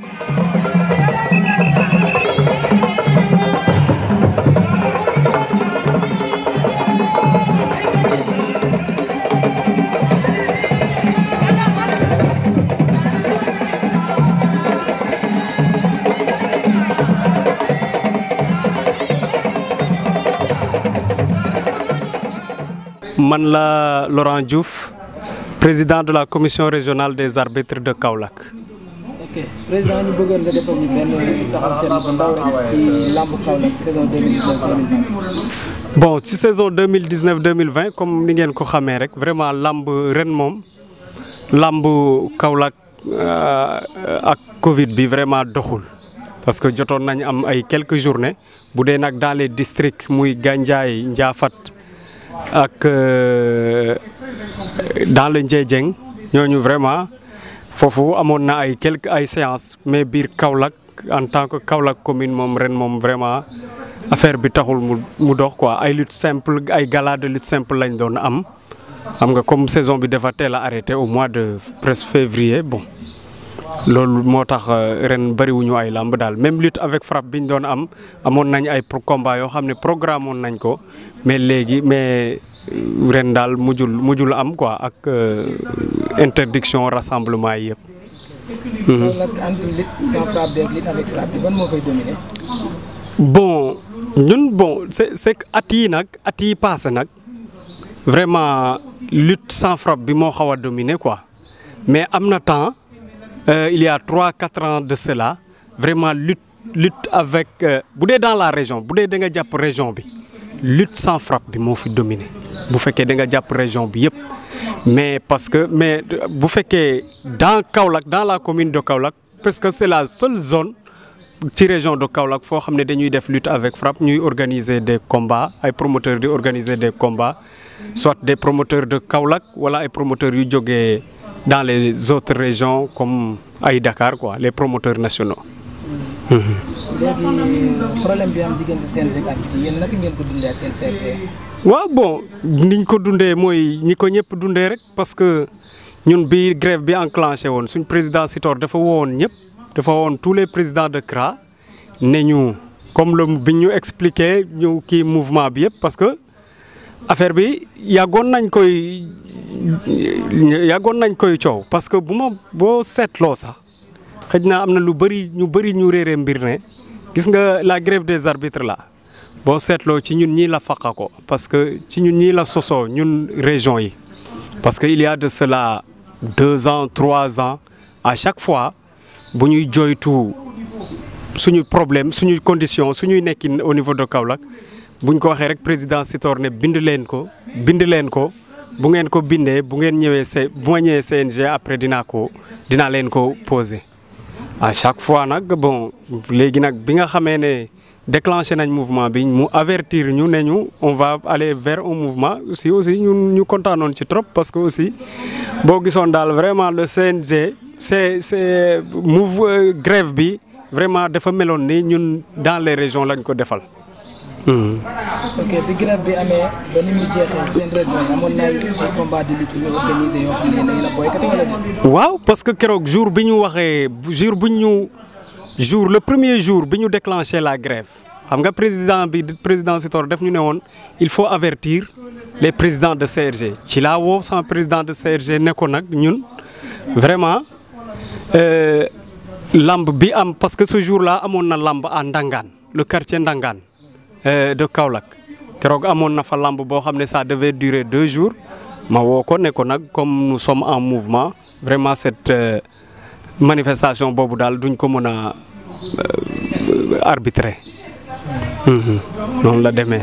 man la Laurent Diouf président de la commission régionale des arbitres de Kaolack ok ci làmb Kaolack saison 2019 bon ci saison 2019 2020 comme ni ngeen ko xame rek vraiment lamb ren moom lamb Kaolack euh, ak Covid bi vraiment doxul. parce que jotoon nañ am ay quelques journées bu dee nag dans les districts muy Gandiaye Ndiaffate ak euh, dans le Ndiédiène ñooñu vraiment. foofu amoon na ay quelques ay séances mais biir Kaolack en tant que Kaolack commune moom ren moom vraiment affaire bi taxul mu mu dox quoi ay lutte simple ay gala de lutte simple lañ doon am. xam nga comme saison bi dafa teel a arrêté au mois de presque février bon loolu moo tax euh, ren bariwuñu ay làmb daal même lutte avec frappe bi ñu doon am amoon nañ ay combat yoo xam ne programme woon nañ ko. mais léegi mais euh, ren daal mujjul mujjul am quoi ak euh, interdiction rassemblement yi yëpp. loolu bon ñun bon c'est c'est que at nag at yii nag vraiment lutte sans frappe bi moo xaw a dominé quoi mais am na temps euh, il y trois quatre ans de cela vraiment lutte lutte avec bu dee dans la région bu dee da nga jàpp région bi. lutte sans frappe bi moo fi dominé bu fekkee da nga jàpp région bi yëpp mais parce que mais bu fekkee dans Kaolack dans la commune de Kaolack parce que c'est la seule zone ci région de Kaolack foo xam ne dañuy def lutte avec frappe ñuy organiser des combats ay promoteurs di organiser des combats soit des promoteurs de Kaolack wala ay promoteurs yu jogee dans les autres régions comme ay Dakar quoi les promoteurs nationaux léegi problème waaw bon niñ ko dundee mooy ñi ko ñëpp dundee rek parce que ñun bi grève bi enclenché woon suñ président Sitor dafa wowoon ñëpp dafa wowoon tous les présidents de CRA ne ñu comme le bi ñu expliqué ñu kii mouvement bi yëpp parce que affaire bi yàggoon nañ koy yàggoon nañ koy coow parce que bu ma boo seetloo sax. xëj naa am na lu bëri ñu bëri ñu réeree mbir ne gis nga la grève des arbitres la boo seetloo ci ñun ñii la faqa ko parce que ci ñun ñii la sosoo ñun région yi parce que il y a de cela deux ans trois ans à chaque fois bu ñuy joytu suñu problème suñuy condition suñuy nekkin au niveau de bu buñ ko waxee rek président Sitor ne bind leen ko bind leen ko bu ngeen ko bindee bu ngeen ñëwee bu ñëwee CNG après dinaa ko dinaa leen ko poser à chaque fois nag bon léegi nag bi nga xamee ne déclenché nañ mouvement bi mu avertir ñu ne ñu on va aller vers un mouvement si aussi ñun ñu kontaanoon ci trop parce que aussi boo gisoon daal vraiment le CNG c'est c'est mouv euh, grève bi vraiment dafa meloon ni ñun dans les régions lañ ko defal. ok bi waaw parce que keroog jour bi ñu waxee jour bu ñu jour le premier jour bi ñu déclenché la grève xam nga président bi président Sitor def ñu ne woon il faut avertir les présidents de CRG ci la woo sant président de CRG nekko nag ñun vraiment euh, lamb bi am parce que ce jour là amoon na lamb à Ndangaan le quartier Ndangaan. Euh, de Kaolack keroog amoon na fa lamb boo xam ne ça devait durer deux jours ma woo ko ne nag comme nous sommes en mouvement vraiment cette euh, manifestation boobu daal duñ ko mën a euh, arbitre mhm. noonu la deme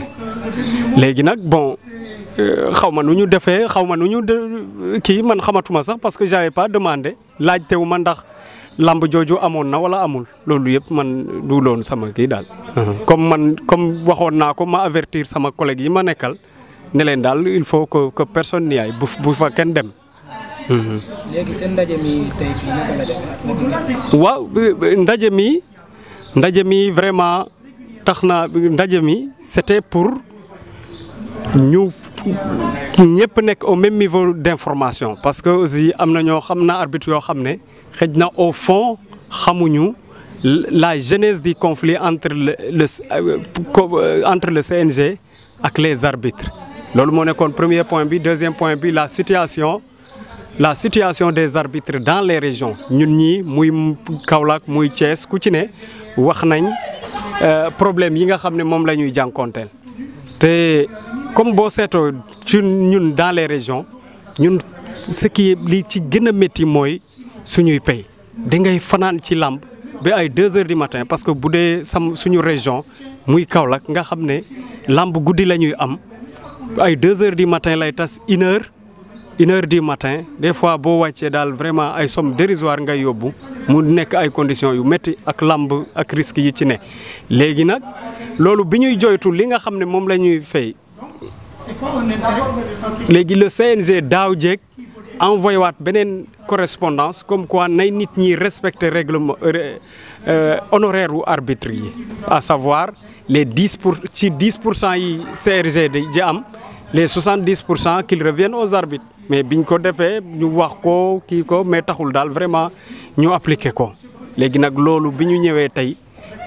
léegi nag bon xaw ma nu ñu defee xaw ma nu ñu de kii man xamatuma sax parce que j'avais pas demandé laajtewu ma ndax lamb jooju amoon na wala amul loolu yëpp man du loon sama kii daal. Uh-huh. comme man comme waxoon naa ko ma avertir sama collègue yi ma nekkal ne leen daal il faut que que personne n'y aille bu bu kenn dem. Uh-huh. léegi mi waaw ndaje mi ndaje mi vraiment tax na ndaje mi c'était pour ñu ñëpp nekk au même niveau d'information parce que aussi am na ñoo xam na arbitre yoo xam ne. xëj na au fond xamuñu la genèse du conflit entre le, le euh, euh, entre le CNG ak les arbitres loolu moo nekkoon premier point bi deuxième point bi la situation la situation des arbitres dans les régions ñun ñii muy Kaolack muy Thiès ku ci ne wax nañ euh, problème yi nga xam ne moom la ñuy jànkoonteel te comme boo seetoo ci ñun dans les régions ñun ce qui li ci gën a métti mooy suñuy pay da ngay fanaan ci làmb ba ay deux heures du matin parce que bu dee sam suñu région muy Kaolack nga xam ne làmb guddi la ñuy am ay deux heures du matin lay tas une heure une matin des fois boo wàccee daal vraiment ay somme dérisoire ngay yóbbu mu nekk ay conditions yu métti ak làmb ak risques yi ci ne léegi nag loolu bi ñuy joytu li nga xam ne moom la ñuy fay léegi le CNG daaw jéeg envoyé waat beneen correspondance comme quoi nay nit ñi respecter règlement euh, euh, honoraire wu arbitre yi à savoir les dix pour ci dix pour cent yi CRG di am les soixante dix pour cent qu'ils reviennent aux arbitres mais biñ ko defee ñu wax ko kii ko mais taxul daal vraiment ñu appliquer ko léegi nag loolu bi ñu ñëwee tey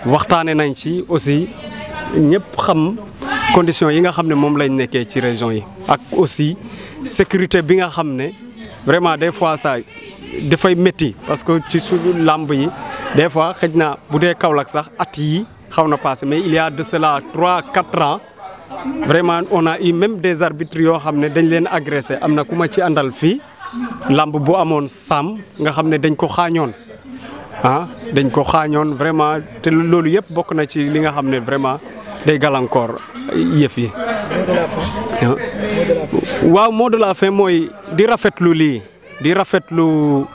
waxtaane nañ ci aussi ñëpp xam conditions yi nga xam ne moom lañ nekkee ci région yi ak aussi sécurité bi nga xam ne vraiment des fois saa dafay métti parce que ci suñu làmb yi des fois xëj na bu dee Kaolack sax at yi xaw na passé mais il y a de cela trois quatre ans vraiment on a eu même des arbitres yoo xam ne dañ leen agressé am na ku ma ci àndal fii làmb bu amoon sàmm nga xam ne dañ ko xaañoon ah dañ ko xaañoon vraiment te loolu yëpp bokk na ci li nga xam ne vraiment day gàllankoor yëf Euh, waaw moo de la fin mooy di rafetlu lii di rafetlu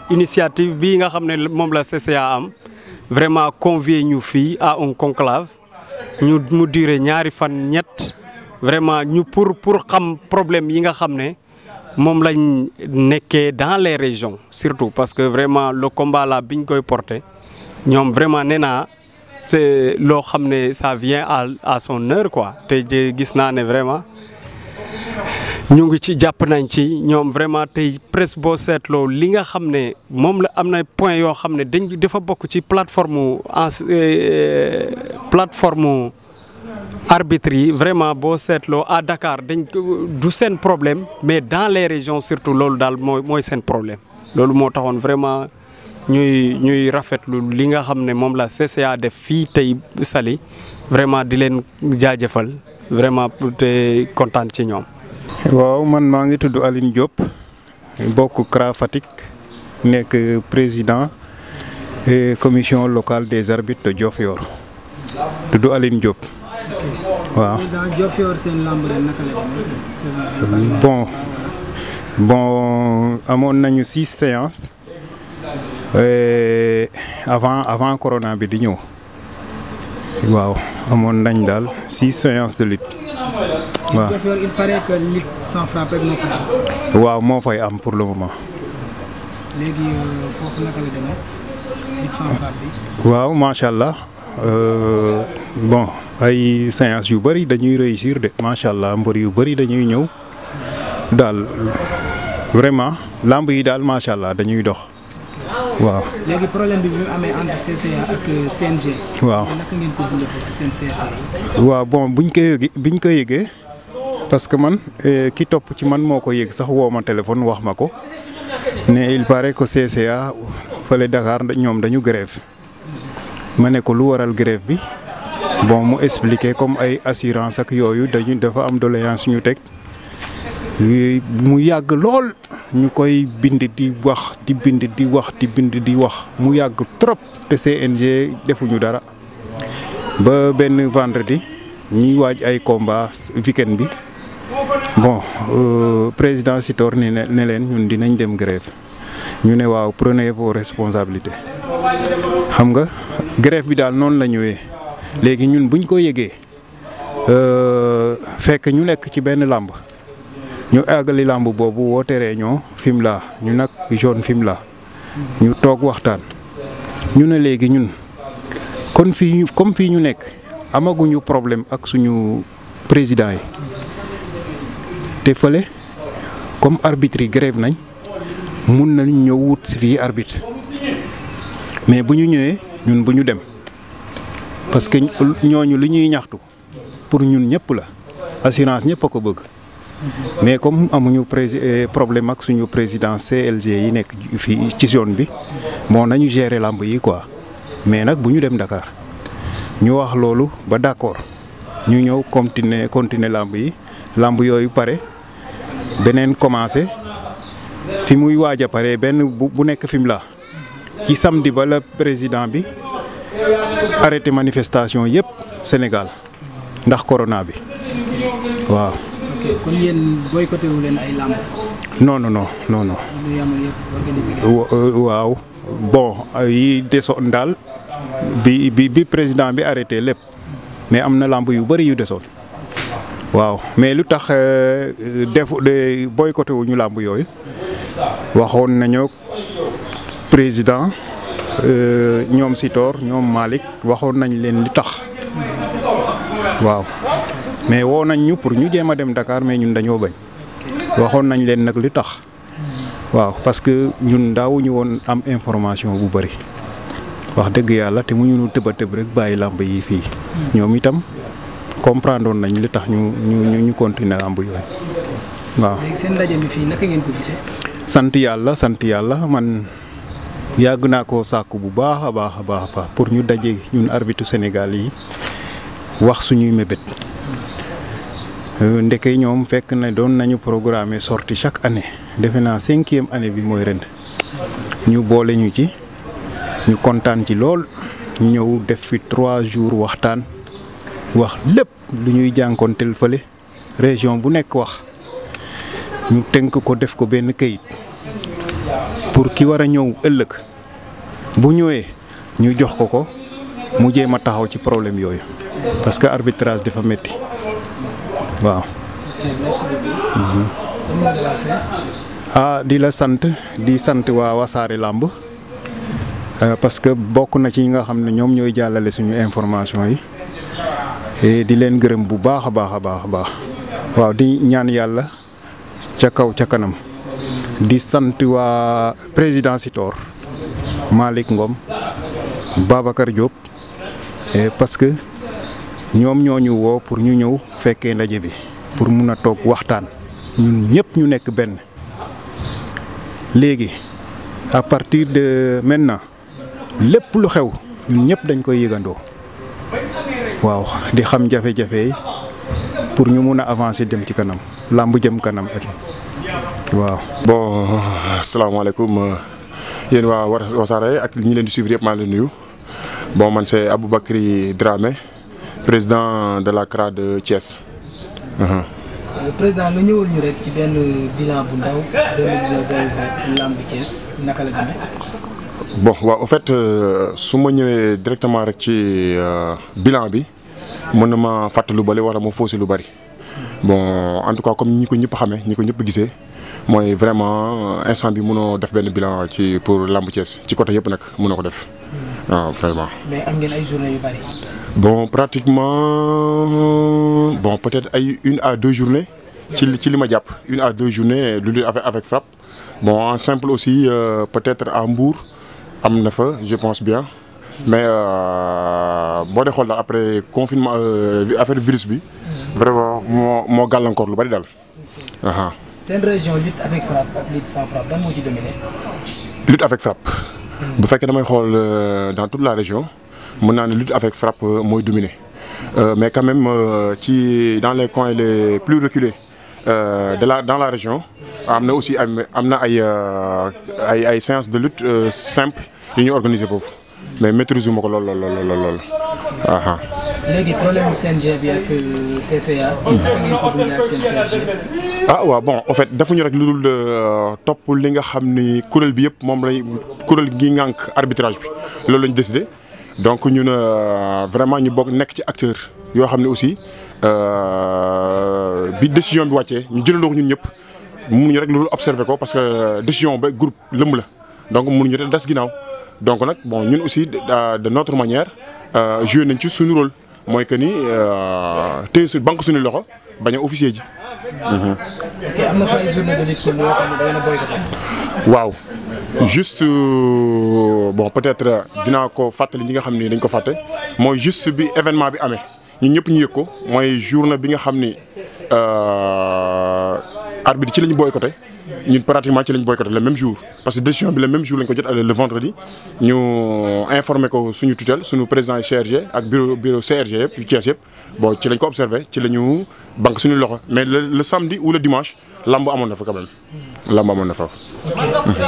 initiative bii nga xam ne moom la CCA am vraiment convier ñu fii à un conclave ñu mu durer ñaari fan ñett vraiment ñu pour pour xam problème yi nga xam ne moom lañ nekkee dans les régions surtout parce que vraiment le combat là biñ koy porté ñoom vraiment nee naa c'est loo xam ne ça vient à à son heure quoi te gis naa ne vraiment. ñu ngi ci jàpp nañ ci ñoom vraiment tey presque boo seetloo li nga xam ne moom la am na point yoo xam ne dañ dafa bokk ci plateforme en euh, plateforme arbitre yi vraiment boo seetloo à Dakar dañ du seen problème mais dans les régions surtout loolu daal mooy mooy seen problème loolu moo taxoon vraiment ñuy ñuy rafetlu li nga xam ne moom la CCA def fii tey sali vraiment di leen jaajëfal vraiment pour te kontaan ci ñoom. waaw man maa ngi tudd Aline Diop bokk CRA nekk président e commission locale des arbitres de Diofior tudd Aline Diop waaw. bon bon amoon nañu six séances avant avant corona bi di ñëw. waaw amoon nañ daal si séances de lutte. waaw moo fay am. pour le moment. Euh, waaw macha allah euh, bon ay séances yu bëri dañuy réussir de macha allah mbër yu bëri dañuy ñëw daal làmb yi daal macha allah dañuy dox. waaw léegi problème bi euh, waaw ko dundee ak seen bon buñ ko yëgee biñ ko yëgee parce que man euh, ki topp ci man moo ko yëg sax woo ma téléphone wax ma ko ne il paraît que CCA fële Dakar ñoom dañu grève ma ne ko lu waral grève bi bon mu expliquer comme ay assurance ak yooyu dañu dafa am doléance ñu teg mu yàgg lool. ñu koy bind di wax di bind di wax di bind di wax mu yàgg trop te CNG defuñu dara ba benn vendredi ñuy waaj ay combat weekend bi bon euh, président Sitor ni ne ne leen ñun dinañ dem grève ñu ne waaw prenez vos responsabilités xam nga grève bi daal noonu la ñëwee léegi ñun buñ ko yëgee euh, fekk ñu nekk ci benn làmb ñu àggali làmb boobu woote réunion Fimela ñu nag zone Fimela ñu toog waxtaan ñu ne léegi ñun kon fii ñu comme fii ñu nekk amaguñu problème ak suñu président yi te fële comme arbitre yi grève nañ mun nañ ñëw wut si fii arbitre mais bu ñu ñëwee ñun bu ñu dem parce que ñooñu li ñuy ñaxtu pour ñun ñëpp la assurance ñëpp a ko bëgg. mais comme amuñu pré eh, problème ak suñu président CLG yi nekk fii ci zone bi moo nañu gérer làmb yi quoi mais nag bu ñu dem ndakaar ñu wax loolu ba d'accord ñu ñëw continuer continuer làmb yi làmb yooyu pare beneen commencé fi muy waaj a pare benn bu bu nekk fi ci samedi ba la président bi arrêté manifestation yëpp Sénégal ndax corona bi waaw. ok kon yéen boycotté wu euh, waaw bon yi desoon daal bi bi président bi arrêté lépp mais am na làmb yu bari yu desoon waaw mais lu tax euh, def de boycotté wu ñu làmb yooyu waxoon nañu président euh, ñoom Sitor ñoom Malick waxoon nañ leen lu tax waaw. mais woo nañ ñu pour ñu jéem a dem Dakar mais ñun dañoo bañ waxoon nañ leen nag li tax waaw parce que ñun daawuñu woon am information bu bari wax dëgg yàlla te mu ñu tëba tëb rek bàyyi làmb yi fii ñoom itam comprendre nañ li tax ñu ñu ñu continuer làmb yooyu waaw. léegi sant yàlla sant yàlla man yàgg naa ko sàkku bu baax a baax a baax pour ñu daje ñun arbitre Sénégal yi wax suñuy mébét. Euh, ndeke ñoom fekk na doon nañu programmer sorti chaque année defe naa cinquième année bi mooy ren ñu boole ñu ci ñu kontaan ci lool ñëw def fi trois jours waxtaan wax lépp lu ñuy jànkoonteel fële région bu nekk wax ñu tënk ko def ko benn kayit pour ki war a ñëw ëllëg bu ñëwee ñu jox ko ko mu jéem a taxaw ci problème yooyu. parce que arbitrage dafa métti waaw. ah di la sant di sant waa Wassare Lamb euh, parce que bokk na ci ñi nga xam ne ñoom ñooy jàllale suñu information yi di leen gërëm bu baax a baax a baax a baax waaw di ñaan yàlla ca kaw ca kanam di sant waa président Sitor Malick Ngom Babacar Diop parce que. ñoom ñoo ñu woo pour ñu ñëw fekkee ndaje bi pour mun a toog waxtaan ñun ñëpp ñu nekk benn léegi à partir de maintenant lépp lu xew ñun ñëpp dañ koy yëgandoo waaw di xam jafe-jafe pour ñu mun a avancer dem ci kanam làmb jëm kanam waaw. bon salaamaaleykum euh, yéen waa Wassare ak ñu leen di suivre yëpp maa leen nuyu boo man c'est Aboubacry Dramé. président de la CRA de Thiès. Euh, président nga ñëwal ñu rek ci benn bilan bu ndaw 2019 lamb Thiès naka la demee. bon waaw en fait euh, su ma ñëwee directement rek ci euh, bilan bi mën na ma fàttali lu bëri wala ma faussé lu bari bon en tout cas comme ñi ko ñëpp xamee ñi ko ñëpp gisee. mooy vraiment instant bi mënoo def benn bilan ci pour lamb Thiès ci côté yëpp nag mënoo ko def. waaw vraiment. mais am ngeen ay journée yu bari. bon pratiquement bon peut-être ay une à deux journées. ci ci li ma jàpp une à deux journées lu dul avec avec frappe bon simple aussi euh, peut-être à Mbour am na fa je pense bien. mais euh, boo dee xool daal après confinement euh, affaire virus bi. vraiment moo moo gàllankoor lu bari daal. seen région lutte avec frappe bu fekkee damay xool euh, dans toute la région. mën naa ne lutte avec frappe euh, mooy dominé euh, mais quand même euh, ci dans les coins les plus reculés euh, de la dans la région am na aussi am na ay ay ay séances de lutte simple yu ñu organiser foofu mais maîtrise wu ma ko lool lool lool. CNG bi ak euh, ah. ah waaw bon en fait defuñu rek lu dul euh, topp li nga xam ni kuréel bi yëpp moom lay kuréel gi ngànk arbitrage bi loolu lañu décidé donc ñun euh, vraiment ñu bokk nekk ci acteur yoo xam ne aussi bi décision bi wàccee ñu jëlandoo ko ñun ñëpp mënuñu rek lu dul observé ko parce que décision ba groupe lëmb la donc mënuñu rek des ginnaaw donc nag bon ñun aussi de notre manière joué nañ ci suñu rôle. mooy que ni euh, téye su banque suñu loxo bañ a officier ji. ok am waaw juste euh, bon peut-être dinaa ko fàttali ñi nga xam ni dañ ko fàtte mooy juste bi événement bi amee ñun ñëpp ñu yëg ko mooy journée bi nga xam ni euh, arbitre ci lañu boycotté. ñun pratiquement ci lañ boycotté le même jour parce que décision bi le même jour lañ ko jot le vendredi ñu informé ko suñu tutelle suñu président CRG ak bureau bureau CRG yëpp yu bon ci lañ ko observé ci la ñu banque suñu loxo mais le samedi ou le dimanche lamb amoon na fa quand même lamb amoon na fa.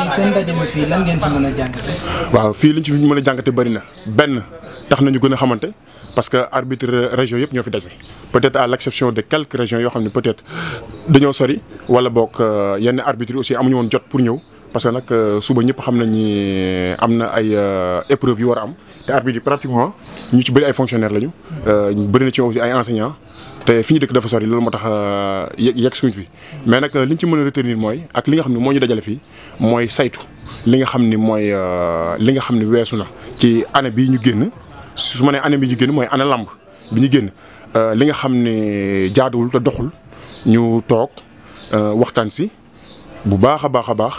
seen fii lan si mën a jàngate. waaw fii liñ ci mën a jàngate bëri na benn. tax nañu gën a xamante parce que arbitre région yëpp ñoo fi dase peut-être à l'exception de quelques régions yoo xam ne peut-être dañoo sori wala boog euh, yenn arbitres aussi amuñu woon jot pour ñëw parce que nag euh, suba ñëpp xam nañ ni euh, am na ay épreuves yu war am te arbitres yi pratiquement ñu ci bëri ay fonctionnaires lañu. bëri na ci aussi ay te fi ñu dëkk dafa sori loolu moo tax yegg suñ fi mais nag li ñu ci mën a retenir mooy ak li nga xam ne moo ñu dajale fii mooy saytu li nga xam ni mooy li nga xam ni weesu na ci année bii ñu génn. su ma nee année bi ñu génn mooy année lamb bi ñu génn euh, li nga xam ne jaaduwul te doxul ñu toog euh, waxtaan si bu baax a baax a baax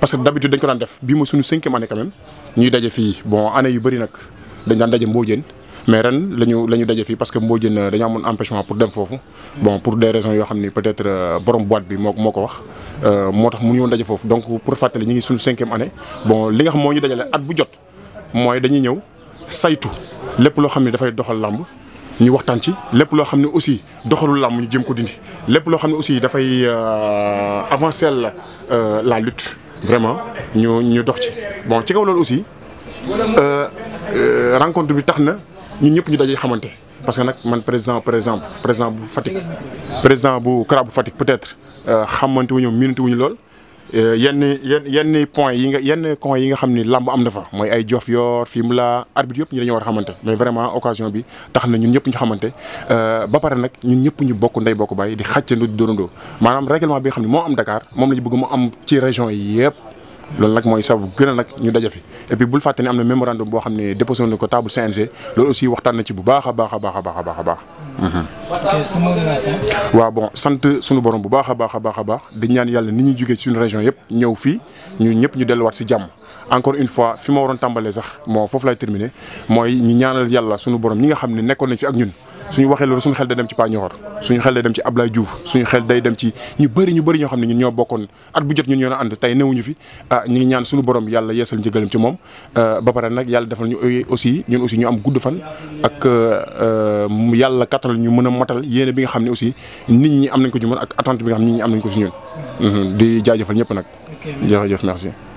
parce que d'habitude dañ ko daan def bii mooy suñu cinquième année quand même ñuy daje fii bon année yu bëri nag dañ daan daje Mbodiène mais ren la ñu la ñu daje fii parce que jën dañu amoon empêchement pour dem foofu bon pour des raisons yoo xam ni peut-être euh, borom boîte bi moo moo ko wax moo tax mu mënuñu woon daje foofu donc pour fàttali ñu ngi suñu cinquième anne bon li nga xam moo ñu dajale at bu jot mooy dañuy ñëw saytu lépp loo xam ne dafay doxal làmb ñu waxtaan ci lépp loo xam ne aussi doxalu làmb ñu jëm ko dindi lépp loo xam ne aussi dafay euh, avancer la euh, la lutte vraiment ñu ñu dox ci bon ci kaw loolu aussi euh, rencontre bi tax na ñun ñëpp ñu dajee xamante parce que nag man président par exemple président bu Fatick président bu CRA bu Fatick peut-être xamante wu ñu miinante wu ñu lool. Euh, yenn yenn yenn point yi nga yenn point yi nga xam ni làmb am na fa mooy ay jof yoor fii mu la arbitre yëpp ñu dañoo war a xamante mais vraiment occasion bi tax na ñun ñëpp ñu xamante euh, ba pare nag ñun ñëpp ñu bokk ndey bokk bàyyi di xàccandoo di dóorandoo maanaam règlement bi xam ne moo am Dakar moom lañu ñu bëgg mu am ci région yi yëpp loolu nag mooy sababu gën nag ñu daje fi et puis bul fàtte ne am na mémorandum boo xam ne déposé na ko table CNG loolu aussi waxtaan na ci bu baax a baax baax a baax a baax ok sa waaw bon sant sunu borom bu baax a baax a baax a baax di ñaan yàlla ni ñuy jógee suñu région yëpp ñëw fii ñu ñëpp ñu delluwaat si jàmm encore une fois fi ma waroon tàmbalee sax moo foofu lay terminer mooy ñu ñaanal yàlla suñu borom ñi nga xam ne nekkoon nañ fi ak ñun suñu waxee loolu suñu xel day dem ci Pa Nior suñu xel day dem ci Ablaye Diouf suñu xel day dem ci ñu bëri ñu bëri ñoo xam ne ñun ñoo bokkoon at bu jot ñun ñoo ànd tey newuñu fi ah, ñu ngi ñaan suñu borom yàlla yeesal njëgalam ci moom ah, ba pare nag yàlla defal ñu aussi ñun aussi ñu am gudd fan ak ah, yàlla kattanal ñu mën a matal yéene bi nga xam ne aussi nit ñi am nañ ko ci mën ak attente bi nga xam ne nit am nañ ko si ñun mhm, di jaajëfal ñëpp nag jërëjëf merci